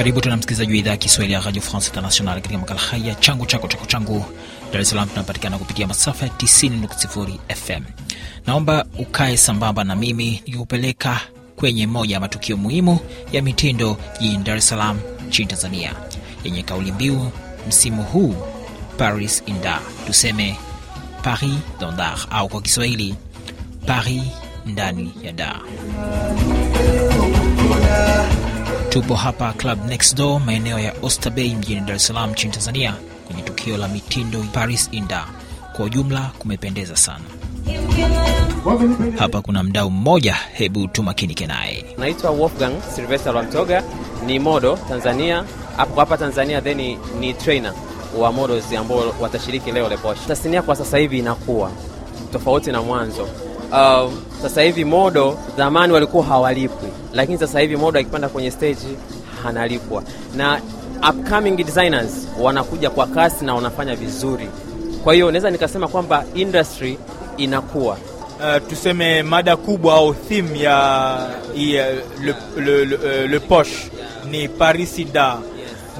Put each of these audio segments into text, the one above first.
Karibu tena msikilizaji wa idhaa ya Kiswahili ya Radio France International katika makala haya changu chako chako changu. Dar es Salaam tunapatikana kupitia masafa ya 90.0 FM. Naomba ukae sambamba na mimi nikikupeleka kwenye moja ya matukio muhimu ya mitindo jijini Dar es Salaam nchini Tanzania, yenye kauli mbiu msimu huu Paris in tuseme Paris dans au kwa Kiswahili Paris ndani ya Dar. Tupo hapa Club Next Door maeneo ya oster Bay mjini Dar es Salaam nchini Tanzania, kwenye tukio la mitindo Paris Inda. Kwa ujumla kumependeza sana. Hapa kuna mdau mmoja, hebu tumakinike naye. Naitwa Wolfgang Silvester Lwamtoga, ni modo Tanzania, hapo hapa Tanzania, then ni, ni trainer wa models ambao watashiriki leo Leposh. Tasnia kwa sasa hivi inakuwa tofauti na mwanzo uh, sasa hivi modo zamani walikuwa hawalipwi, lakini sasa hivi modo akipanda kwenye stage analipwa, na upcoming designers wanakuja kwa kasi na wanafanya vizuri. Kwa hiyo naweza nikasema kwamba industry inakuwa Uh, tuseme mada kubwa au theme ya, ya le, le, le, eh, le poche ni Paris da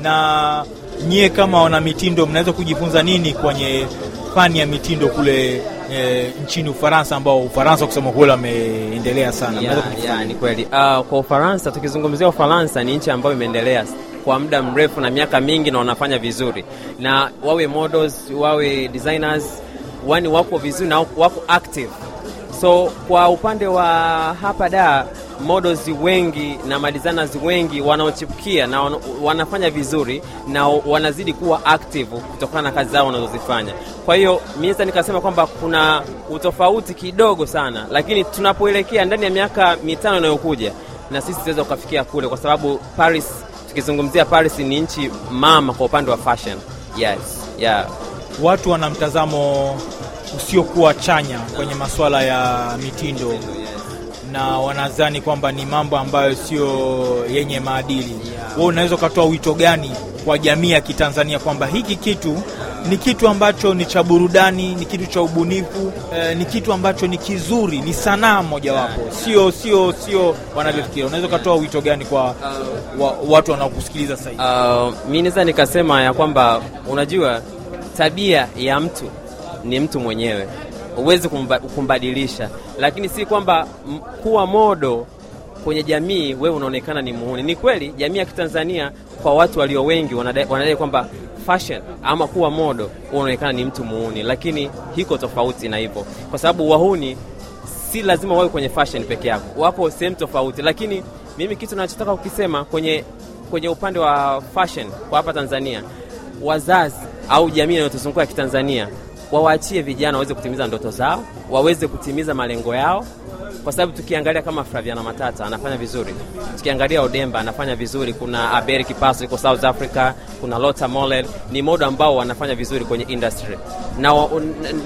na nyie kama wana mitindo mnaweza kujifunza nini kwenye fani ya mitindo kule e, nchini Ufaransa ambao Ufaransa kusema kweli wameendelea sana. Yeah, yeah, ni kweli. Uh, kwa Ufaransa tukizungumzia Ufaransa ni nchi ambayo imeendelea kwa muda mrefu na miaka mingi na wanafanya vizuri, na wawe models, wawe designers, wani wako vizuri na wako active. So kwa upande wa hapa da models wengi na madesigners wengi wanaochipukia na wanafanya vizuri na wanazidi kuwa active kutokana na kazi zao wanazozifanya. Kwa hiyo mieza nikasema kwamba kuna utofauti kidogo sana, lakini tunapoelekea ndani ya miaka mitano inayokuja na sisi tunaweza kukafikia kule, kwa sababu Paris, tukizungumzia Paris ni nchi mama kwa upande wa fashion. Yes, yeah. Watu wana mtazamo usiokuwa chanya kwenye masuala ya mitindo, mitindo yeah na wanadhani kwamba ni mambo ambayo sio yenye maadili. Wewe unaweza ukatoa wito gani kwa jamii ya Kitanzania kwamba hiki kitu ni kitu ambacho ni cha burudani, ni kitu cha ubunifu eh, ni kitu ambacho ni kizuri, ni sanaa mojawapo, sio sio sio wanavyofikiria. Unaweza ukatoa wito gani kwa wa, watu wanaokusikiliza sasa hivi? Uh, mi naweza nikasema ya kwamba unajua tabia ya mtu ni mtu mwenyewe huwezi kumbadilisha, lakini si kwamba kuwa modo kwenye jamii wewe unaonekana ni muhuni. Ni kweli jamii ya Kitanzania kwa watu walio wengi wanadai, kwamba fashion ama kuwa modo unaonekana ni mtu muhuni, lakini hiko tofauti na hivyo, kwa sababu wahuni si lazima wawe kwenye fashion peke yako, wapo sehemu tofauti. Lakini mimi kitu nachotaka kukisema kwenye, kwenye upande wa fashion kwa hapa Tanzania, wazazi au jamii inayotuzunguka ya Kitanzania wawaachie vijana waweze kutimiza ndoto zao, waweze kutimiza malengo yao, kwa sababu tukiangalia kama Flaviana Matata anafanya vizuri, tukiangalia Odemba anafanya vizuri, kuna Abel Kipaso iko South Africa, kuna Lota Mollel, ni modo ambao wanafanya vizuri kwenye industry na, na,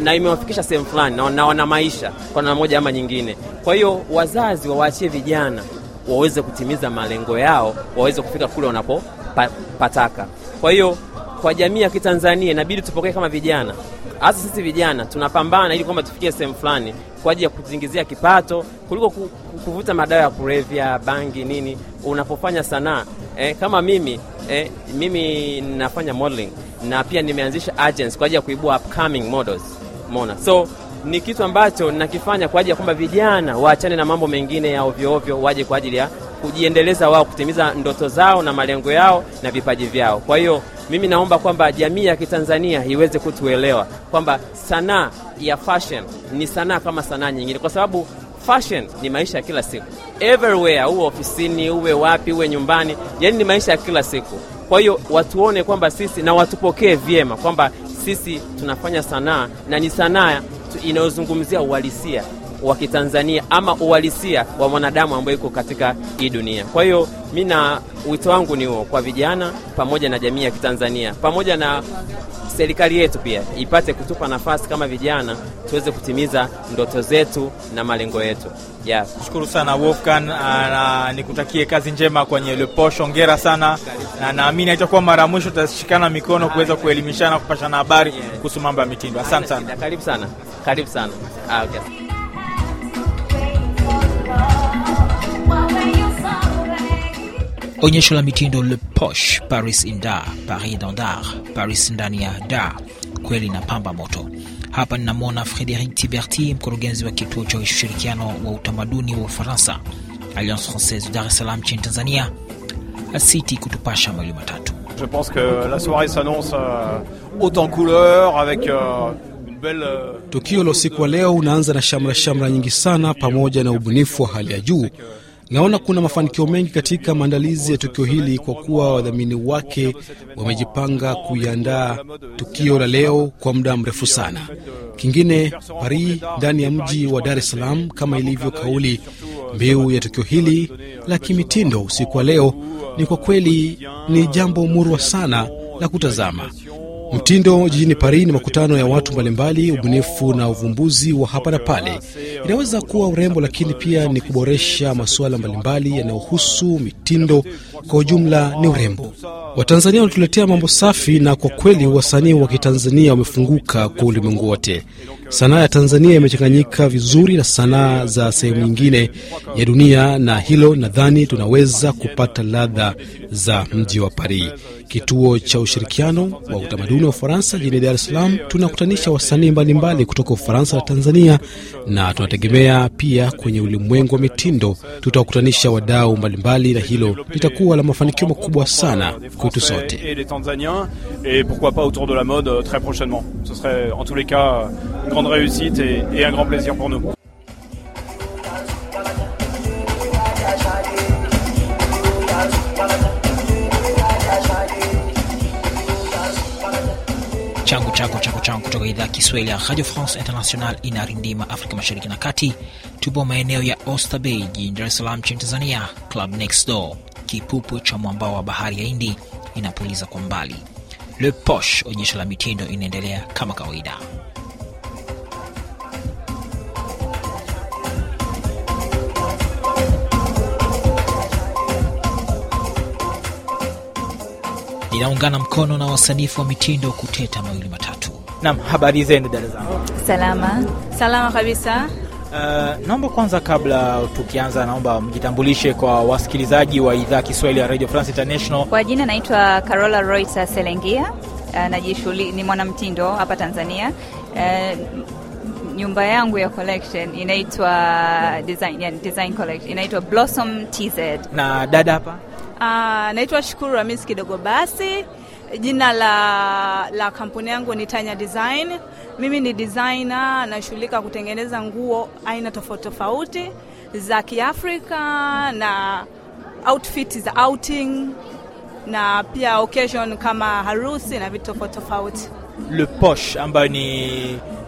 na imewafikisha sehemu fulani na, na wana maisha kwa namna moja ama nyingine. Kwa hiyo wazazi wawaachie vijana waweze kutimiza malengo yao, waweze kufika kule wanapopataka. Kwa hiyo kwa jamii ya Kitanzania inabidi tupokee kama vijana hasa sisi vijana tunapambana ili kwamba tufikie sehemu fulani kwa ajili ya kuzingizia kipato kuliko kuvuta madawa ya kulevya, bangi, nini. Unapofanya sanaa eh, kama mimi eh, mimi nafanya modeling na pia nimeanzisha agents kwa ajili ya kuibua upcoming models, mona So ni kitu ambacho nakifanya kwa ajili ya kwamba vijana waachane na mambo mengine ya ovyoovyo waje kwa ajili ya kujiendeleza wao, kutimiza ndoto zao na malengo yao na vipaji vyao. Kwa hiyo mimi naomba kwamba jamii ya Kitanzania iweze kutuelewa kwamba sanaa ya fashion ni sanaa kama sanaa nyingine, kwa sababu fashion ni maisha ya kila siku everywhere, uwe ofisini, uwe wapi, uwe nyumbani, yani ni maisha ya kila siku. Kwa hiyo watuone kwamba sisi na watupokee vyema kwamba sisi tunafanya sanaa na ni sanaa inayozungumzia uhalisia wa Kitanzania ama uhalisia wa mwanadamu ambaye iko katika hii dunia. Kwa hiyo mi na wito wangu ni huo kwa vijana pamoja na jamii ya Kitanzania pamoja na serikali yetu pia ipate kutupa nafasi kama vijana tuweze kutimiza ndoto zetu na malengo yetu. Yeah. Shukuru sana Wolfgang ah, na nikutakie kazi njema kwenye Le Poche. sana na naamini haitakuwa mara mwisho tutashikana mikono kuweza kuelimishana, kupashana habari kuhusu mambo ya mitindo. Asante sana. Karibu sana. Karibu sana. Ah, okay. onyesho la mitindo Le Posh Paris inda Paris dandar Paris ndani ya da kweli na pamba moto. Hapa ninamwona Frederic Tiberti, mkurugenzi wa kituo cha ushirikiano wa utamaduni wa Ufaransa, Alliance Francaise Dar es Salaam nchini Tanzania, asiti kutupasha mawili matatu. Je pense que la s'annonce euh, haute en couleur avec euh, euh, Tukio la usiku wa leo unaanza na shamra shamra nyingi sana pamoja na ubunifu wa hali ya juu Naona kuna mafanikio mengi katika maandalizi ya tukio hili kwa kuwa wadhamini wake wamejipanga kuiandaa tukio la leo kwa muda mrefu sana. Kingine, Paris ndani ya mji wa Dar es Salaam, kama ilivyo kauli mbiu ya tukio hili la kimitindo usiku wa leo, ni kwa kweli ni jambo murwa sana la kutazama. Mtindo jijini Paris ni makutano ya watu mbalimbali, ubunifu na uvumbuzi wa hapa na pale. Inaweza kuwa urembo, lakini pia ni kuboresha masuala mbalimbali yanayohusu mitindo kwa ujumla ni urembo. Watanzania wanatuletea mambo safi, na kwa kweli wasanii wa Kitanzania wamefunguka kwa ulimwengu wote. Sanaa ya Tanzania imechanganyika vizuri na sanaa za sehemu nyingine ya dunia, na hilo nadhani tunaweza kupata ladha za mji wa Paris. Kituo cha ushirikiano wa utamaduni wa Ufaransa jijini Dar es Salaam, tunakutanisha wasanii mbalimbali kutoka Ufaransa na Tanzania, na tunategemea pia kwenye ulimwengu wa mitindo tutawakutanisha wadau mbalimbali, na hilo litakuwa kuwa la mafanikio makubwa sana kwetu sote. Et pourquoi pas autour de la mode euh, très prochainement. Ce serait euh, en tous les cas euh, une grande réussite et, et un grand plaisir pour nous. changu chako chako changu kutoka idhaa ya Kiswahili ya Radio France International inarindima Afrika Mashariki na Kati. Tupo maeneo ya Oyster Bay jijini Dar es Salaam nchini Tanzania, Club Next Door kipupo cha mwambao wa bahari ya Hindi inapuliza kwa mbali. Le Poche, onyesho la mitindo, inaendelea kama kawaida. Ninaungana mkono na wasanifu wa mitindo kuteta mawili matatu. Naam, habari zenu dada Salama. Salama kabisa. Uh, naomba kwanza kabla tukianza, naomba mjitambulishe kwa wasikilizaji wa idhaa Kiswahili ya Radio France International. Kwa jina naitwa Carola Roita Selengia. Uh, ni mwanamtindo hapa Tanzania. Uh, nyumba yangu ya collection inaitwa design, yani design collection inaitwa Blossom TZ. Na dada hapa uh, naitwa Shukuru ramis kidogo basi. Jina la, la kampuni yangu ni Tanya Design mimi ni designer, nashughulika kutengeneza nguo aina tofauti tofauti za Kiafrika na outfit za outing na pia occasion kama harusi na vitu tofauti tofauti. Le Posh ambayo ni,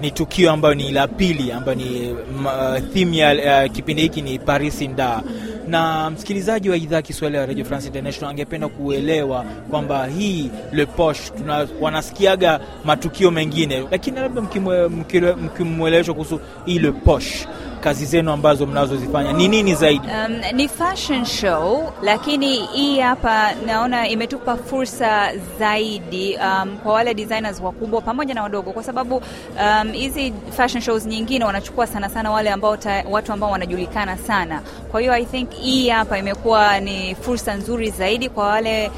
ni tukio ambayo ni la pili ambayo ni uh, theme ya uh, kipindi hiki ni Paris Nda na msikilizaji wa idhaa Kiswahili ya Radio France International angependa kuelewa kwamba hii Le Poche tuna, wanasikiaga matukio mengine, lakini labda mkimweleweshwa kuhusu hii Le Poche kazi zenu ambazo mnazozifanya ni nini zaidi? Um, ni fashion show, lakini hii hapa naona imetupa fursa zaidi um, kwa wale designers wakubwa pamoja na wadogo, kwa sababu um, hizi um, fashion shows nyingine wanachukua sana sana wale ambao ta, watu ambao wanajulikana sana. Kwa hiyo I think hii hapa imekuwa ni fursa nzuri zaidi kwa wale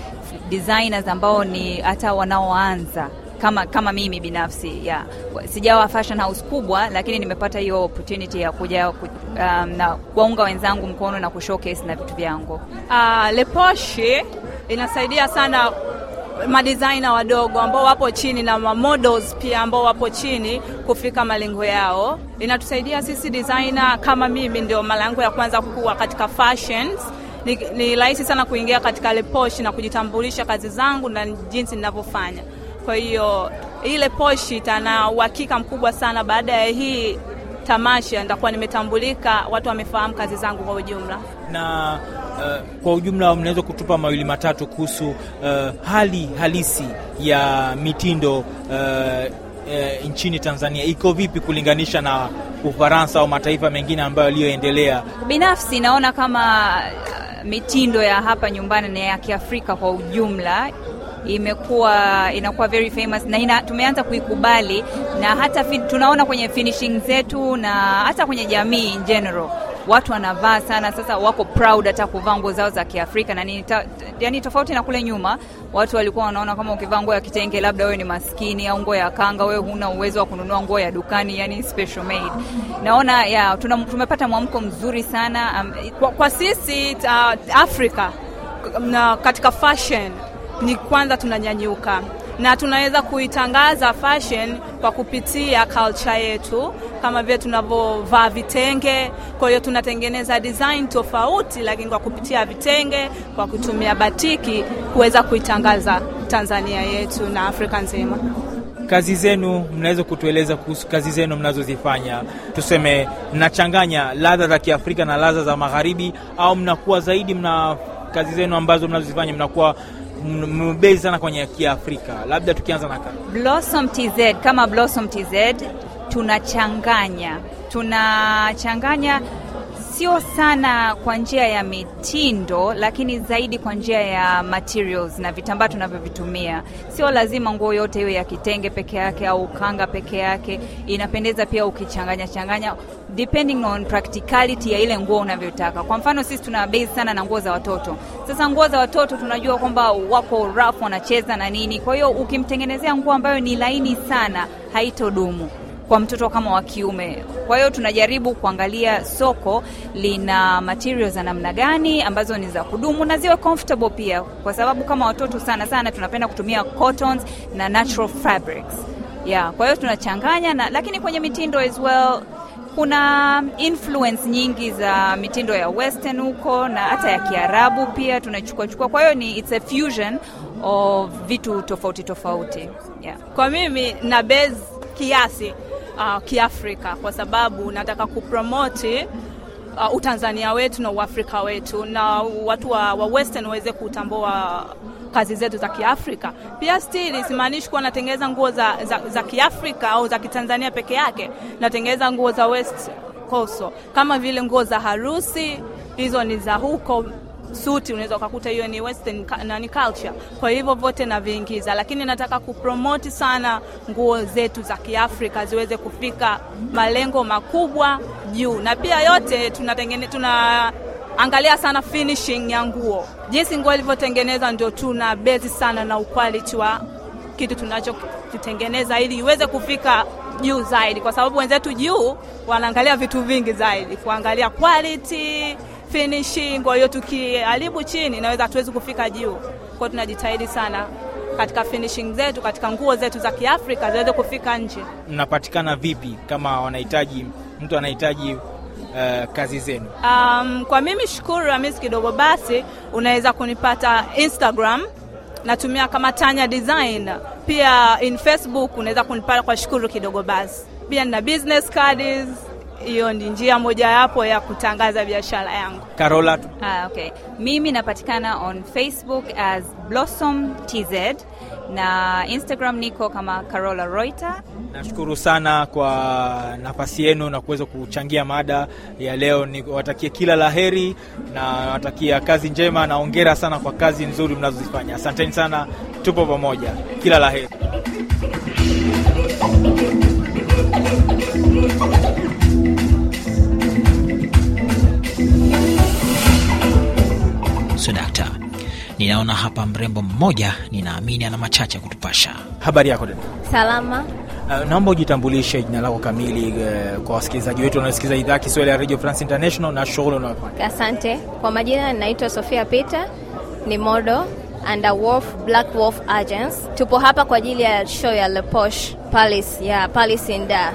designers ambao ni hata wanaoanza kama, kama mimi binafsi yeah. Sijawa fashion house kubwa, lakini nimepata hiyo opportunity ya kuja ku, um, na kuwaunga wenzangu mkono na kushowcase na vitu vyangu. Uh, ah, Leposhe inasaidia sana madizaina wadogo ambao wapo chini na mamodels pia ambao wapo chini kufika malengo yao. Inatusaidia sisi designer kama mimi, ndio mara yangu ya kwanza kukua katika fashions. Ni, ni rahisi sana kuingia katika Leposhi na kujitambulisha kazi zangu na jinsi ninavyofanya. Kwa hiyo ile Poshi tana uhakika mkubwa sana. Baada ya hii tamasha nitakuwa nimetambulika, watu wamefahamu kazi zangu kwa ujumla. Na uh, kwa ujumla mnaweza kutupa mawili matatu kuhusu uh, hali halisi ya mitindo uh, uh, nchini Tanzania iko vipi kulinganisha na Ufaransa au mataifa mengine ambayo yaliyoendelea? Binafsi naona kama uh, mitindo ya hapa nyumbani na ya Kiafrika kwa ujumla imekuwa inakuwa very famous na ina, tumeanza kuikubali na hata fin, tunaona kwenye finishing zetu na hata kwenye jamii in general watu wanavaa sana sasa, wako proud hata kuvaa nguo zao za Kiafrika na nini, yani tofauti na kule nyuma, watu walikuwa wanaona kama ukivaa nguo ya kitenge labda wewe ni maskini au nguo ya kanga, wewe huna uwezo wa kununua nguo ya dukani, yani special made. Naona ya tumepata mwamko mzuri sana um, kwa, kwa sisi uh, Afrika na katika fashion ni kwanza tunanyanyuka na tunaweza kuitangaza fashion kwa kupitia culture yetu, kama vile tunavyovaa vitenge. Kwa hiyo tunatengeneza design tofauti, lakini kwa kupitia vitenge, kwa kutumia batiki, kuweza kuitangaza Tanzania yetu na Afrika nzima. Kazi zenu, mnaweza kutueleza kuhusu kazi zenu mnazozifanya? Tuseme mnachanganya ladha za Kiafrika na ladha za Magharibi, au mnakuwa zaidi mna kazi zenu ambazo mnazozifanya mnakuwa mmebei sana kwenye Kiafrika, labda tukianza na Blossom TZ. Kama Blossom TZ tunachanganya tunachanganya sio sana kwa njia ya mitindo, lakini zaidi kwa njia ya materials na vitambaa tunavyovitumia. Sio lazima nguo yote iwe ya kitenge peke yake au kanga peke yake, inapendeza pia ukichanganya changanya depending on practicality ya ile nguo unavyotaka. Kwa mfano sisi tuna base sana na nguo za watoto. Sasa nguo za watoto tunajua kwamba wako rough, wanacheza na nini, kwa hiyo ukimtengenezea nguo ambayo ni laini sana haitodumu kwa mtoto kama wa kiume. Kwa hiyo tunajaribu kuangalia soko lina materials za namna gani ambazo ni za kudumu na ziwe comfortable pia, kwa sababu kama watoto sana sana tunapenda kutumia cottons na natural fabrics. Yeah, kwa hiyo tunachanganya na, lakini kwenye mitindo as well kuna influence nyingi za mitindo ya western huko na hata ya Kiarabu pia tunachukua chukua. Kwa hiyo ni it's a fusion of vitu tofauti tofauti. Yeah. Kwa mimi na base kiasi uh, Kiafrika kwa sababu nataka kupromoti uh, Utanzania wetu na Uafrika wetu na watu wa, wa Western waweze kutambua kazi zetu za Kiafrika. Pia stili simaanishi kuwa natengeneza nguo za, za, za Kiafrika au za Kitanzania peke yake, natengeneza nguo za West koso kama vile nguo za harusi, hizo ni za huko suti, unaweza ukakuta hiyo ni western na ni culture. Kwa hivyo vote naviingiza, lakini nataka kupromote sana nguo zetu za Kiafrika ziweze kufika malengo makubwa juu, na pia yote tunatengene tuna angalia sana finishing ya nguo, jinsi nguo ilivyotengeneza, ndio tuna bezi sana na ukwaliti wa kitu tunachokitengeneza ili iweze kufika juu zaidi, kwa sababu wenzetu juu wanaangalia vitu vingi zaidi, kuangalia quality finishing. Kwa hiyo tukiharibu chini, naweza hatuwezi kufika juu. Kwa hiyo tunajitahidi sana katika finishing zetu, katika nguo zetu za Kiafrika ziweze kufika nje. Mnapatikana vipi kama wanahitaji mtu anahitaji Uh, kazi zenu. Um, kwa mimi shukuru Ramis kidogo basi, unaweza kunipata Instagram natumia kama Tanya Design, pia in Facebook unaweza kunipata kwa shukuru kidogo basi, pia na business cards hiyo ni njia mojawapo ya kutangaza biashara yangu. Carola. Ah, okay. Mimi napatikana on Facebook as Blossom TZ na Instagram niko kama Carola Reuter. Nashukuru sana kwa nafasi yenu na kuweza kuchangia mada ya leo. Niwatakie kila laheri na watakia kazi njema na ongera sana kwa kazi nzuri mnazozifanya. Asanteni sana, tupo pamoja, kila laheri. Ninaona hapa mrembo mmoja, ninaamini ana machache ya kutupasha. Habari yako dada? Salama. Uh, naomba ujitambulishe jina lako kamili, uh, kwa wasikilizaji wetu wanaosikiliza idhaa ya Kiswahili ya Radio France International na shughuli unaofanya Asante. Kwa majina ninaitwa Sofia Peter, ni modo under Wolf Black Wolf Agents. Tupo hapa kwa ajili ya show ya Le Posh Palace, ya Palace in Dar.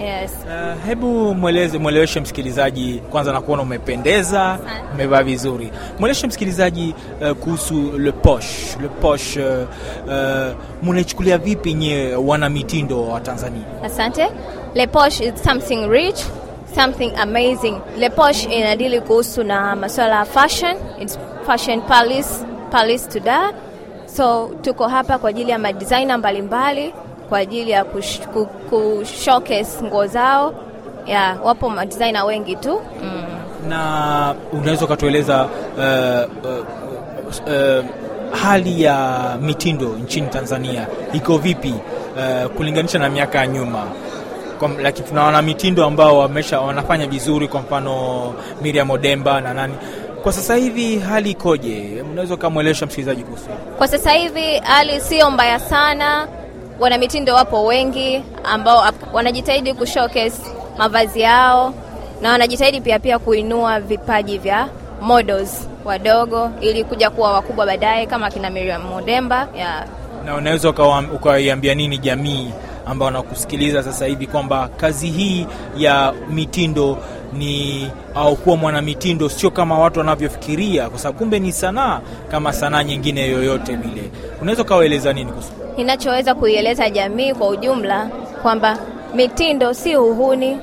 Yes. Uh, hebu mweleze mweleweshe msikilizaji kwanza, na kuona umependeza, umevaa vizuri. Mweleweshe msikilizaji uh, kuhusu Le poche Le poche uh, uh, mnaichukulia vipi nyewe wana mitindo wa Tanzania? Asante. Le poche is something rich, something amazing. Le Posh inadili kuhusu na masuala ya fashion. It's fashion palace, palace to da. So tuko hapa kwa ajili ya madesigner mbalimbali kwa ajili ya kushowcase nguo zao. ya wapo madizaina wengi tu mm. Na unaweza ukatueleza uh, uh, uh, hali ya mitindo nchini Tanzania iko vipi uh, kulinganisha na miaka ya nyuma? Lakini tunaona mitindo ambao wamesha wanafanya vizuri, kwa mfano Miriam Odemba na nani. Kwa sasa hivi hali ikoje? Unaweza ukamwelesha msikilizaji kuhusu? Kwa sasa hivi hali sio mbaya sana Wanamitindo wapo wengi ambao wanajitahidi ku mavazi yao na wanajitahidi pia pia kuinua vipaji vya models wadogo ili kuja kuwa wakubwa baadaye kama kina Miriam Mudemba ya Na unaweza ukaiambia nini jamii ambao wanakusikiliza sasa hivi kwamba kazi hii ya mitindo ni au kuwa mwanamitindo sio kama watu wanavyofikiria, kwa sababu kumbe ni sanaa kama sanaa nyingine yoyote vile. Unaweza ukawaeleza nini kuhusu? Ninachoweza kuieleza jamii kwa ujumla kwamba mitindo si uhuni,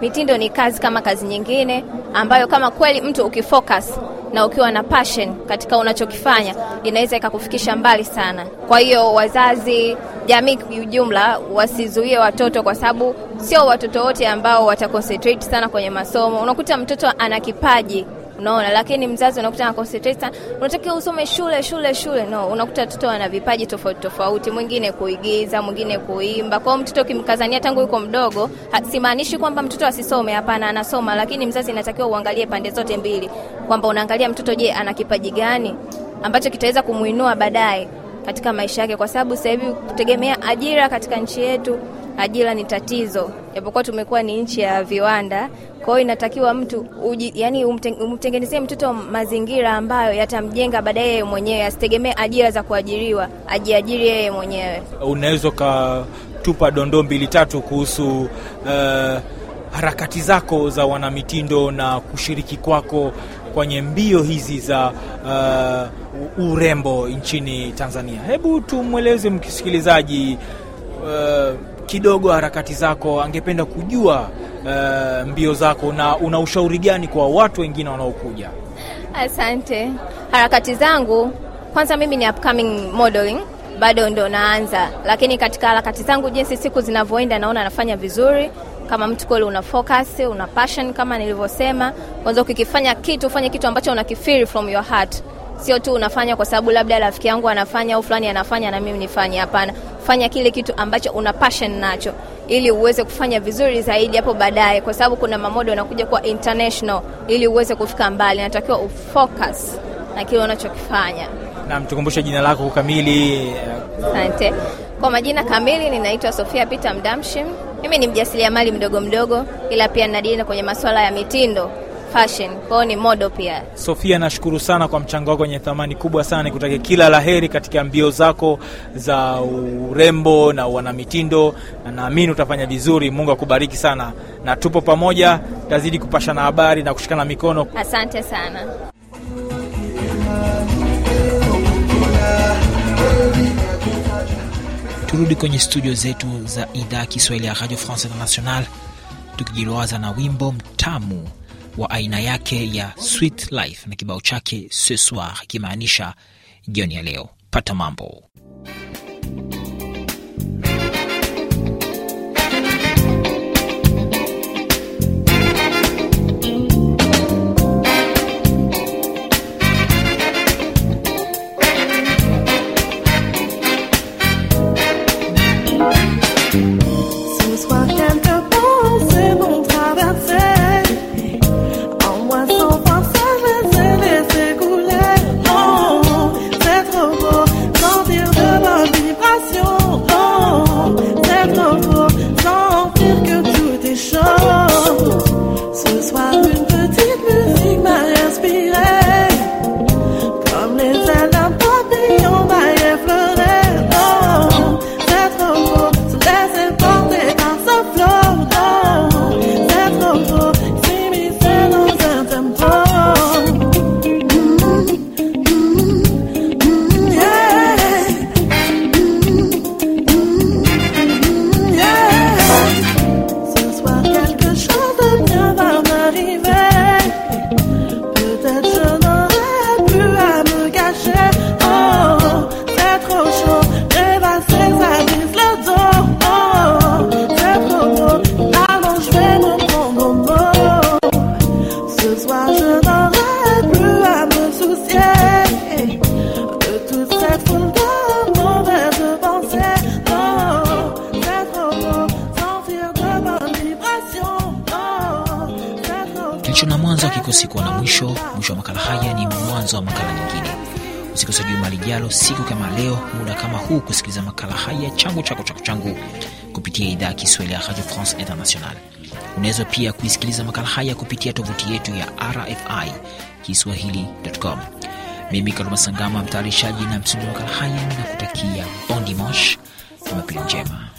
mitindo ni kazi kama kazi nyingine, ambayo kama kweli mtu ukifocus na ukiwa na passion katika unachokifanya inaweza ikakufikisha mbali sana. Kwa hiyo wazazi jamii kiujumla wasizuie watoto, kwa sababu sio watoto wote ambao wataconcentrate sana kwenye masomo. Unakuta mtoto ana kipaji unaona, lakini mzazi unakuta anaconcentrate sana, unatakiwa usome shule shule shule. No, unakuta mtoto ana vipaji tofauti tofauti, mwingine kuigiza, mwingine kuimba. Kwa mtoto kimkazania tangu yuko mdogo, simaanishi kwamba mtoto asisome, hapana, anasoma, lakini mzazi inatakiwa uangalie pande zote mbili, kwamba unaangalia mtoto, je, ana kipaji gani ambacho kitaweza kumuinua baadaye katika maisha yake, kwa sababu sasa hivi kutegemea ajira katika nchi yetu, ajira ni tatizo, japokuwa tumekuwa ni nchi ya viwanda. Kwa hiyo inatakiwa mtu uji, yani umtengenezee mtoto mazingira ambayo yatamjenga baadaye yeye mwenyewe, asitegemee ajira za kuajiriwa, ajiajiri yeye mwenyewe. Unaweza ukatupa dondoo mbili tatu kuhusu uh, harakati zako za wanamitindo na kushiriki kwako kwenye mbio hizi za uh, urembo nchini Tanzania. Hebu tumweleze mkisikilizaji uh, kidogo harakati zako, angependa kujua uh, mbio zako na una ushauri gani kwa watu wengine wanaokuja? Asante. Harakati zangu kwanza, mimi ni upcoming modeling bado ndo naanza, lakini katika harakati zangu, jinsi siku zinavyoenda, naona nafanya vizuri kama mtu kweli una focus, una passion kama nilivyosema. Kwanza ukikifanya kitu, ufanye kitu ambacho unakifeel from your heart, sio tu unafanya kwa sababu labda rafiki yangu anafanya au fulani anafanya na mimi nifanye. Hapana, fanya kile kitu ambacho una passion nacho ili uweze kufanya vizuri zaidi hapo baadaye, kwa sababu kuna mamodo yanakuja kwa international. Ili uweze kufika mbali, natakiwa ufocus na kile unachokifanya. Na mtukumbushe jina lako kamili. Asante. Kwa majina kamili ninaitwa Sofia Peter Mdamshim. Mimi ni mjasiriamali mdogo mdogo, ila pia ninadili kwenye masuala ya mitindo fashion, kwao ni modo pia. Sofia, nashukuru sana kwa mchango wako wenye thamani kubwa sana, nikutakia kila laheri katika mbio zako za urembo na wanamitindo, na naamini utafanya vizuri. Mungu akubariki sana, na tupo pamoja, tazidi kupashana habari na kushikana mikono. Asante sana. Turudi kwenye studio zetu za idhaa ya Kiswahili ya Radio France International, tukijiliwaza na wimbo mtamu wa aina yake ya Sweet Life na kibao chake Ce Soir, ikimaanisha jioni ya leo. Pata mambo love the usiku kama leo, muda kama huu, kusikiliza makala haya changu chako chako changu kupitia idhaa ya Kiswahili ya Radio France International. Unaweza pia kuisikiliza makala haya kupitia tovuti yetu ya RFI Kiswahili.com. Mimi Karuma Sangama, mtayarishaji na msindi wa makala haya, na kutakia bon dimanche, jumapili njema.